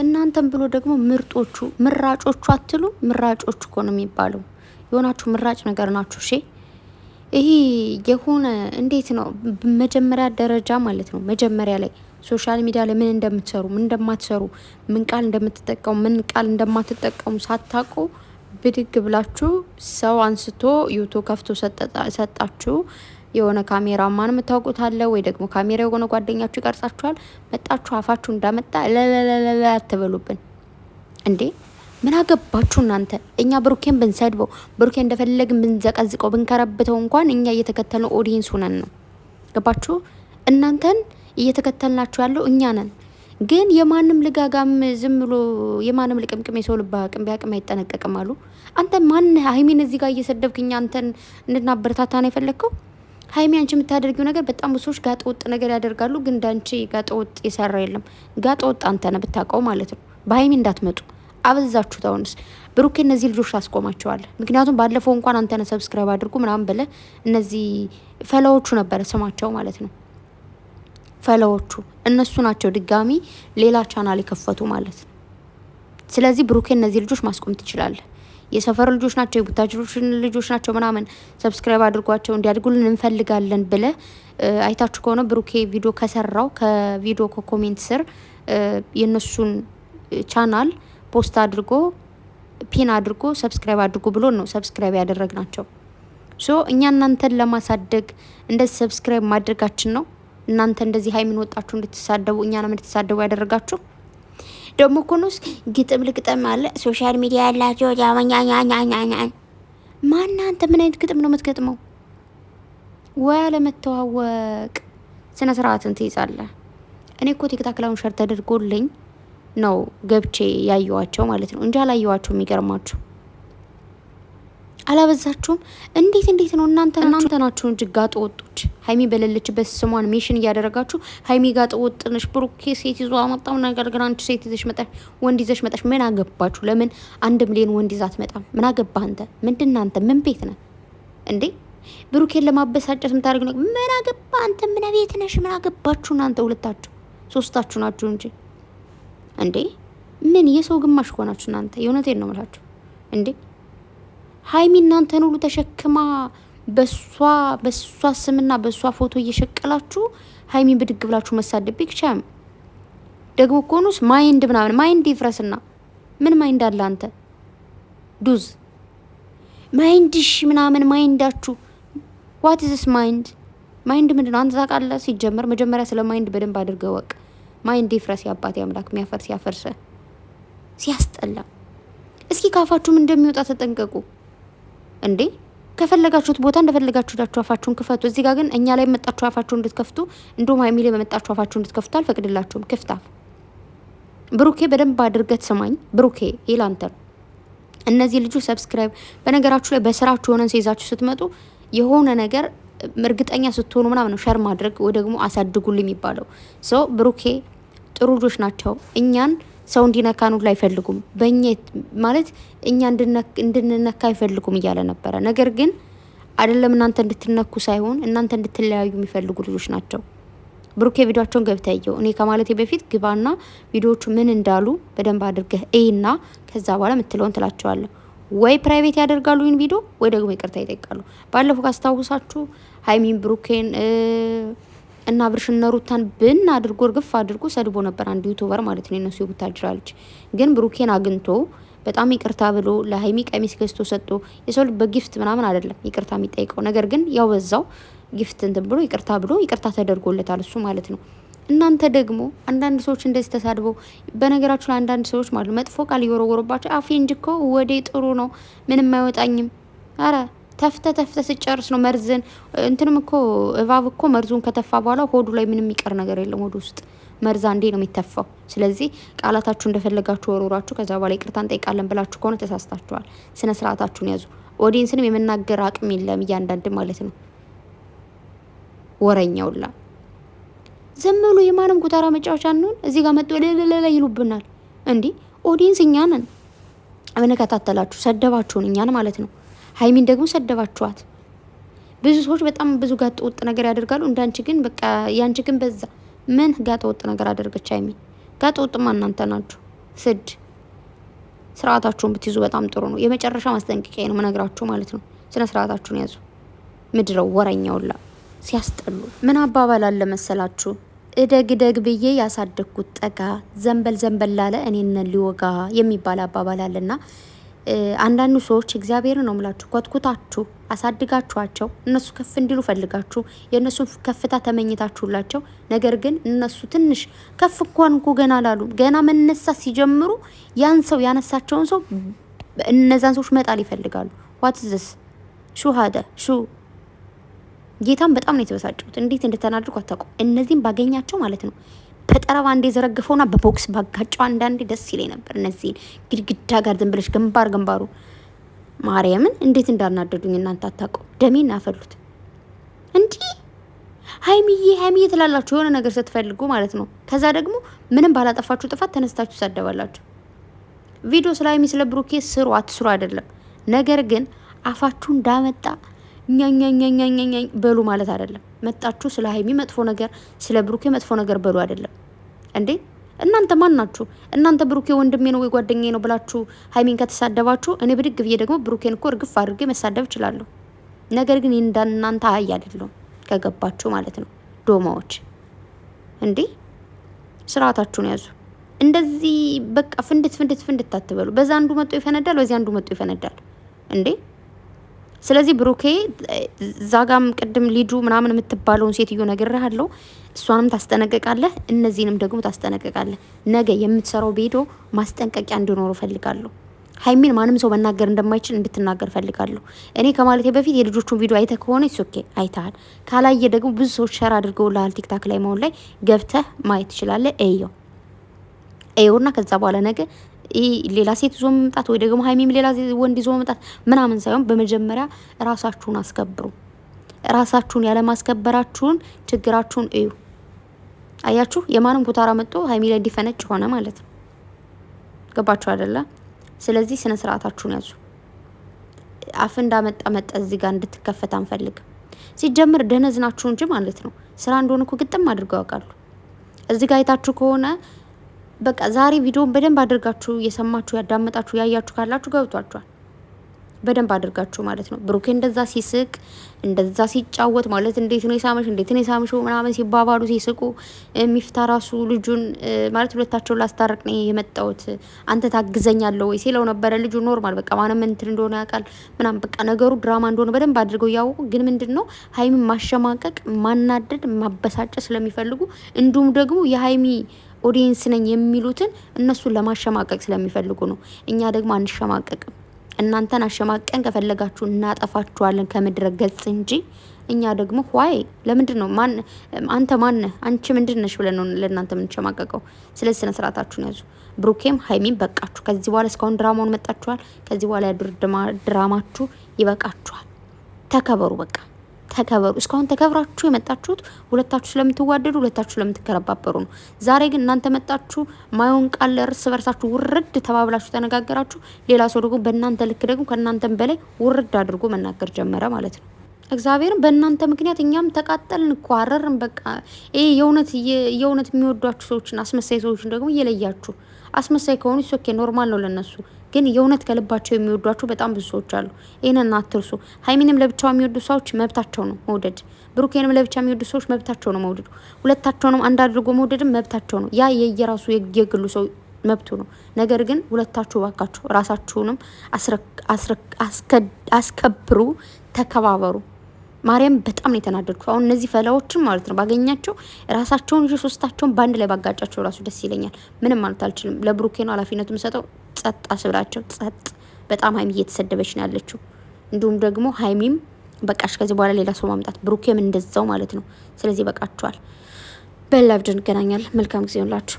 እናንተም ብሎ ደግሞ ምርጦቹ ምራጮቹ አትሉ ምራጮቹ እኮ ነው የሚባለው። የሆናችሁ ምራጭ ነገር ናችሁ። እሺ ይሄ የሆነ እንዴት ነው መጀመሪያ ደረጃ ማለት ነው። መጀመሪያ ላይ ሶሻል ሚዲያ ላይ ምን እንደምትሰሩ ምን እንደማትሰሩ ምን ቃል እንደምትጠቀሙ ምን ቃል እንደማትጠቀሙ ሳታውቁ ብድግ ብላችሁ ሰው አንስቶ ዩቱብ ከፍቶ ሰጣችሁ የሆነ ካሜራማን የምታውቁት አለ ወይ ደግሞ ካሜራ የሆነ ጓደኛችሁ ይቀርጻችኋል። መጣችሁ አፋችሁ እንዳመጣ ለለለለ አትበሉብን እንዴ። ምን አገባችሁ እናንተ? እኛ ብሩኬን ብንሰድበው ብሩኬን እንደፈለግን ብንዘቀዝቀው ብንከረብተው እንኳን እኛ እየተከተልነው ኦዲየንስ ሁነን ነው። ገባችሁ? እናንተን እየተከተልናችሁ ያለው እኛ ነን። ግን የማንም ልጋጋም ዝም ብሎ የማንም ልቅምቅም የሰው ልብ ቅም ቢያቅም አይጠነቀቅም አሉ። አንተ ማን ሀይሚን እዚህ ጋር እየሰደብክኛ አንተን እንድናበረታታ ነው የፈለግከው? ሀይሚ አንቺ የምታደርጊው ነገር በጣም ብሶች ጋጠወጥ ነገር ያደርጋሉ፣ ግን እንዳንቺ ጋጠ የሰራ የለም። ጋጠ አንተ ነህ ብታውቀው ማለት ነው። በሀይሚ እንዳትመጡ አበዛችሁ። ታውንስ ብሩኬ፣ እነዚህ ልጆች አስቆማቸዋል። ምክንያቱም ባለፈው እንኳን አንተ ነህ ሰብስክራይብ አድርጉ ምናምን ብለ እነዚህ ፈላዎቹ ነበረ ስማቸው ማለት ነው። ፈላዎቹ እነሱ ናቸው ድጋሚ ሌላ ቻናል የከፈቱ ማለት ነው። ስለዚህ ብሩኬ፣ እነዚህ ልጆች ማስቆም ትችላለህ። የሰፈር ልጆች ናቸው፣ የቡታጅሮችን ልጆች ናቸው ምናምን ሰብስክራይብ አድርጓቸው እንዲያድጉልን እንፈልጋለን ብለ አይታችሁ ከሆነ ብሩኬ ቪዲዮ ከሰራው ከቪዲዮ ከኮሜንት ስር የእነሱን ቻናል ፖስት አድርጎ ፒን አድርጎ ሰብስክራይብ አድርጎ ብሎ ነው ሰብስክራይብ ያደረግ ናቸው። ሶ እኛ እናንተን ለማሳደግ እንደዚህ ሰብስክራይብ ማድረጋችን ነው። እናንተ እንደዚህ ሀይሚን ወጣችሁ እንድትሳደቡ እኛንም እንድትሳደቡ ያደረጋችሁ ደግሞ ኮኖስ ግጥም ልግጥም አለ ሶሻል ሚዲያ ያላቸው ኛኛኛኛኛኝ ማናንተ ምን አይነት ግጥም ነው የምትገጥመው? ወይ አለመተዋወቅ ስነ ስርዓትን ትይዛለህ። እኔ እኮ ቲክታክ ላሁን ሸር ተደርጎልኝ ነው ገብቼ ያየዋቸው ማለት ነው እንጂ አላየዋቸው የሚገርማችሁ አላበዛችሁም? እንዴት እንዴት ነው እናንተ እናንተ ናችሁ እንጂ ጋጠ ወጦች። ሀይሚ በሌለችበት ስሟን ሜሽን እያደረጋችሁ ሀይሚ ጋጠ ወጥ ነሽ፣ ብሩኬ ሴት ይዞ አመጣው ነገር ግን አንቺ ሴት ይዘሽ መጣሽ፣ ወንድ ይዘሽ መጣሽ። ምን አገባችሁ? ለምን አንድ ሚሊዮን ወንድ ይዛ አትመጣም? ምን አገባ አንተ? ምንድን ነው ምን ቤት ነህ እንዴ? ብሩኬን ለማበሳጨት የምታደርግ ነው። ምን አገባ አንተ? ምን ቤት ነሽ? ምን አገባችሁ እናንተ? ሁለታችሁ ሶስታችሁ ናችሁ እንጂ እንዴ ምን የሰው ግማሽ ከሆናችሁ እናንተ። የእውነቴን ነው የምላችሁ እንዴ ሀይሚ እናንተን ሁሉ ተሸክማ በሷ በሷ ስምና በሷ ፎቶ እየሸቀላችሁ ሀይሚ ብድግ ብላችሁ መሳደብ ይክቻም። ደግሞ ኮኑስ ማይንድ ምናምን ማይንድ ይፍረስና ምን ማይንድ አለ አንተ ዱዝ ማይንድሽ ምናምን ማይንዳችሁ ዋት ኢዝ ስ ማይንድ ማይንድ ምንድን ነው አንተ ታውቃለህ? ሲጀመር መጀመሪያ ስለ ማይንድ በደንብ አድርገህ ወቅ። ማይንድ ይፍረስ የአባቴ አምላክ የሚያፈርስ ያፈርሰ። ሲያስጠላ። እስኪ ካፋችሁም እንደሚወጣ ተጠንቀቁ። እንዴ ከፈለጋችሁት ቦታ እንደፈለጋችሁ ዳችሁ አፋችሁን ክፈቱ። እዚህ ጋር ግን እኛ ላይ መጣችሁ አፋችሁ እንድትከፍቱ እንደውም ሀይሚ ላይ በመጣችሁ አፋችሁ እንድትከፍቱ አልፈቅድላችሁም። ክፍት ብሩኬ፣ በደንብ አድርገት ስማኝ ብሩኬ፣ ይላንተን እነዚህ ልጆች ሰብስክራይብ። በነገራችሁ ላይ በስራችሁ የሆነን ሲይዛችሁ ስትመጡ የሆነ ነገር እርግጠኛ ስትሆኑ ምናምን ነው ሸር ማድረግ ወይ ደግሞ አሳድጉልኝ የሚባለው ሰው። ብሩኬ ጥሩ ልጆች ናቸው እኛን ሰው እንዲነካ ሁሉ አይፈልጉም። በእኛ ማለት እኛ እንድንነካ አይፈልጉም እያለ ነበረ። ነገር ግን አይደለም እናንተ እንድትነኩ ሳይሆን እናንተ እንድትለያዩ የሚፈልጉ ልጆች ናቸው። ብሩኬ ቪዲዮቸውን ገብተየው እኔ ከማለቴ በፊት ግባና ቪዲዮቹ ምን እንዳሉ በደንብ አድርገህ እይና ከዛ በኋላ የምትለውን ትላቸዋለ ወይ ፕራይቬት ያደርጋሉ ይህን ቪዲዮ ወይ ደግሞ ይቅርታ ይጠይቃሉ። ባለፈው ካስታውሳችሁ ሀይሚን ብሩኬን እና ብርሽነ ሩታን ብን አድርጎ እርግፍ አድርጎ ሰድቦ ነበር። አንድ ዩቱበር ማለት ነው የነሱ የቡታጅራ ልጅ ግን ብሩኬን አግኝቶ በጣም ይቅርታ ብሎ ለሀይሚ ቀሚስ ገዝቶ ሰጥቶ የሰው ልጅ በጊፍት ምናምን አይደለም ይቅርታ የሚጠይቀው ነገር ግን ያው በዛው ጊፍት እንትን ብሎ ይቅርታ ብሎ ይቅርታ ተደርጎለታል እሱ ማለት ነው። እናንተ ደግሞ አንዳንድ ሰዎች እንደዚህ ተሳድበው በነገራችሁ ላይ አንዳንድ ሰዎች ማለት መጥፎ ቃል እየወረወሩባቸው አፌ እንጂ እኮ ወዴ ጥሩ ነው ምንም አይወጣኝም አረ ተፍተ ተፍተ ስጨርስ ነው መርዝን እንትንም እኮ እባብ እኮ መርዙን ከተፋ በኋላ ሆዱ ላይ ምንም የሚቀር ነገር የለም። ሆዱ ውስጥ መርዛ እንዴ ነው የሚተፋው። ስለዚህ ቃላታችሁ እንደፈለጋችሁ ወሮራችሁ ከዛ በኋላ ይቅርታ እንጠይቃለን ብላችሁ ከሆነ ተሳስታችኋል። ስነ ስርዓታችሁን ያዙ። ኦዲንስንም የመናገር አቅም የለም እያንዳንድ ማለት ነው። ወረኛውላ ዝም ብሎ የማንም ጉታራ መጫወቻ እንሆን እዚህ ጋር መጥቶ ለለለ ይሉብናል። እንዲህ ኦዲንስ እኛንን አመነከታተላችሁ ሰደባችሁን እኛን ማለት ነው። ሀይሚን ደግሞ ሰደባችኋት። ብዙ ሰዎች በጣም ብዙ ጋጠ ወጥ ነገር ያደርጋሉ። እንዳንቺ ግን በቃ ያንቺ ግን በዛ። ምን ጋጠ ወጥ ነገር አደረገች ሀይሚ? ጋጠ ወጥማ እናንተ ናችሁ። ስድ ስርዓታችሁን ብትይዙ በጣም ጥሩ ነው። የመጨረሻ ማስጠንቀቂያ ነው መነግራችሁ ማለት ነው። ስነ ስርዓታችሁን ያዙ። ምድረው ወረኛውላ ሲያስጠሉ ምን አባባል አለ መሰላችሁ? እደግ ደግ ብዬ ያሳደግኩት ጠጋ ዘንበል ዘንበል ላለ እኔን ሊወጋ የሚባል አባባል አለና አንዳንዱ ሰዎች እግዚአብሔር ነው ምላችሁ ኮትኩታችሁ አሳድጋችኋቸው እነሱ ከፍ እንዲሉ ፈልጋችሁ የእነሱን ከፍታ ተመኝታችሁላቸው፣ ነገር ግን እነሱ ትንሽ ከፍ እንኳን እኮ ገና ላሉ ገና መነሳት ሲጀምሩ ያን ሰው ያነሳቸውን ሰው እነዛን ሰዎች መጣል ይፈልጋሉ። ዋትዝስ ዝስ ሹ ሀደ ሹ በጣም ነው የተበሳጨሁት። እንዴት እንደተናደድኩ አታውቁም። እነዚህም ባገኛቸው ማለት ነው በጠረባ እንደ ዘረግፈውና በቦክስ ባጋጫው አንዳንዴ ደስ ይለኝ ነበር። እነዚህን ግድግዳ ጋር ዝም ብለሽ ግንባር ግንባሩ ማርያምን እንዴት እንዳናደዱኝ እናንተ አታውቁ። ደሜን አፈሉት። እንዲህ ሀይሚዬ ሀይሚዬ ትላላችሁ የሆነ ነገር ስትፈልጉ ማለት ነው። ከዛ ደግሞ ምንም ባላጠፋችሁ ጥፋት ተነስታችሁ ሳደባላችሁ። ቪዲዮ ስለ ሀይሚ ስለ ብሩኬ ስሩ አትስሩ አይደለም። ነገር ግን አፋችሁ እንዳመጣ ኛኛኛኛኛኛ በሉ ማለት አይደለም። መጣችሁ ስለ ሀይሚ መጥፎ ነገር ስለ ብሩኬ መጥፎ ነገር በሉ አይደለም። እንዴ እናንተ ማን ናችሁ? እናንተ ብሩኬ ወንድሜ ነው ወይ ጓደኛዬ ነው ብላችሁ ሀይሚን ከተሳደባችሁ እኔ ብድግ ብዬ ደግሞ ብሩኬን እኮ እርግፍ አድርጌ መሳደብ እችላለሁ። ነገር ግን እንዳናንተ አህይ አይደለሁም። ከገባችሁ ማለት ነው ዶማዎች። እንዴ ስርዓታችሁን ያዙ። እንደዚህ በቃ ፍንድት ፍንድት ፍንድት አትበሉ። በዛ አንዱ መጥቶ ይፈነዳል፣ በዚህ አንዱ መጥቶ ይፈነዳል። እንዴ ስለዚህ ብሩኬ ዛጋም ቅድም ሊዱ ምናምን የምትባለውን ሴትዮ ነግሬሃለሁ። እሷንም ታስጠነቅቃለህ፣ እነዚህንም ደግሞ ታስጠነቅቃለህ። ነገ የምትሰራው ቪዲዮ ማስጠንቀቂያ እንዲኖሩ እፈልጋለሁ። ሀይሚን ማንም ሰው መናገር እንደማይችል እንድትናገር ፈልጋለሁ። እኔ ከማለቴ በፊት የልጆቹን ቪዲዮ አይተህ ከሆነ ሶኬ አይተሃል። ካላየ ደግሞ ብዙ ሰዎች ሸር አድርገውልሃል። ቲክታክ ላይ መሆን ላይ ገብተህ ማየት ትችላለህ። እየው እየውና ከዛ በኋላ ነገ ሌላ ሴት ይዞ መምጣት ወይ ደግሞ ሀይሚም ሌላ ወንድ ይዞ መምጣት ምናምን ሳይሆን በመጀመሪያ ራሳችሁን አስከብሩ። ራሳችሁን ያለማስከበራችሁን ችግራችሁን እዩ። አያችሁ፣ የማንም ኩታራ መጥቶ ሀይሚ ላይ እንዲፈነጭ ሆነ ማለት ነው። ገባችሁ አይደለ? ስለዚህ ስነ ስርዓታችሁን ያዙ። አፍ እንዳመጣ መጣ እዚህ ጋር እንድትከፈት አንፈልግም። ሲጀምር ደነዝ እንጂ ማለት ነው። ስራ እንደሆነ እኮ ግጥም አድርገው ያውቃሉ። እዚህ ጋር አይታችሁ ከሆነ በቃ ዛሬ ቪዲዮን በደንብ አድርጋችሁ እየሰማችሁ ያዳመጣችሁ ያያችሁ ካላችሁ ገብቷችኋል። በደንብ አድርጋችሁ ማለት ነው። ብሩኬ እንደዛ ሲስቅ እንደዛ ሲጫወት ማለት እንዴት ነው የሳመሽ እንዴት ነው የሳመሽው ምናምን ሲባባሉ ሲስቁ፣ ሚፍታ ራሱ ልጁን ማለት ሁለታቸውን ላስታረቅ ነው የመጣሁት አንተ ታግዘኛለሁ ወይ ሲለው ነበረ። ልጁ ኖርማል በቃ ማንም እንትን እንደሆነ ያውቃል ምናምን በቃ ነገሩ ድራማ እንደሆነ በደንብ አድርገው እያወቁ ግን ምንድን ነው ሀይሚ ማሸማቀቅ፣ ማናደድ፣ ማበሳጨ ስለሚፈልጉ እንዲሁም ደግሞ የሀይሚ ኦዲየንስ ነኝ የሚሉትን እነሱን ለማሸማቀቅ ስለሚፈልጉ ነው። እኛ ደግሞ አንሸማቀቅም። እናንተን አሸማቀን ከፈለጋችሁ እናጠፋችኋለን ከምድረ ገጽ እንጂ እኛ ደግሞ ዋይ ለምንድን ነው አንተ ማነ አንቺ ምንድን ነሽ ብለን ነው ለእናንተ የምንሸማቀቀው። ስለዚህ ስነ ስርዓታችሁን ያዙ። ብሩኬም ሀይሚም በቃችሁ። ከዚህ በኋላ እስካሁን ድራማውን መጣችኋል። ከዚህ በኋላ ድራማችሁ ይበቃችኋል። ተከበሩ በቃ ተከበሩ። እስካሁን ተከብራችሁ የመጣችሁት ሁለታችሁ ስለምትዋደዱ፣ ሁለታችሁ ስለምትከረባበሩ ነው። ዛሬ ግን እናንተ መጣችሁ ማየውን ቃል እርስ በርሳችሁ ውርድ ተባብላችሁ ተነጋገራችሁ። ሌላ ሰው ደግሞ በእናንተ ልክ ደግሞ ከእናንተም በላይ ውርድ አድርጎ መናገር ጀመረ ማለት ነው። እግዚአብሔርም በእናንተ ምክንያት እኛም ተቃጠልን እኮ አረርን። በቃ ይሄ የእውነት የእውነት የሚወዷችሁ ሰዎችን አስመሳይ ሰዎችን ደግሞ እየለያችሁ አስመሳይ ከሆኑ ሶኬ ኖርማል ነው ለነሱ ግን የእውነት ከልባቸው የሚወዷቸው በጣም ብዙ ሰዎች አሉ። ይህንን አትርሱ። ሀይሚንም ለብቻው የሚወዱ ሰዎች መብታቸው ነው መውደድ። ብሩኬንም ለብቻ የሚወዱ ሰዎች መብታቸው ነው መውደዱ። ሁለታቸውንም አንድ አድርጎ መውደድም መብታቸው ነው። ያ የየራሱ የግሉ ሰው መብቱ ነው። ነገር ግን ሁለታችሁ ባካችሁ ራሳችሁንም አስከብሩ፣ ተከባበሩ። ማርያም በጣም ነው የተናደድኩት። አሁን እነዚህ ፈላዎችን ማለት ነው ባገኛቸው ራሳቸውን ሶስታቸውን በአንድ ላይ ባጋጫቸው ራሱ ደስ ይለኛል። ምንም ማለት አልችልም። ለብሩኬ ነው ኃላፊነቱ የምሰጠው። ጸጥ አስብላቸው። ጸጥ በጣም ሀይሚ እየተሰደበች ነው ያለችው። እንዲሁም ደግሞ ሀይሚም በቃሽ፣ ከዚህ በኋላ ሌላ ሰው ማምጣት፣ ብሩኬም እንደዛው ማለት ነው። ስለዚህ በቃችኋል። በሌላ ቪዲዮ እንገናኛለን። መልካም ጊዜ ሆንላችሁ።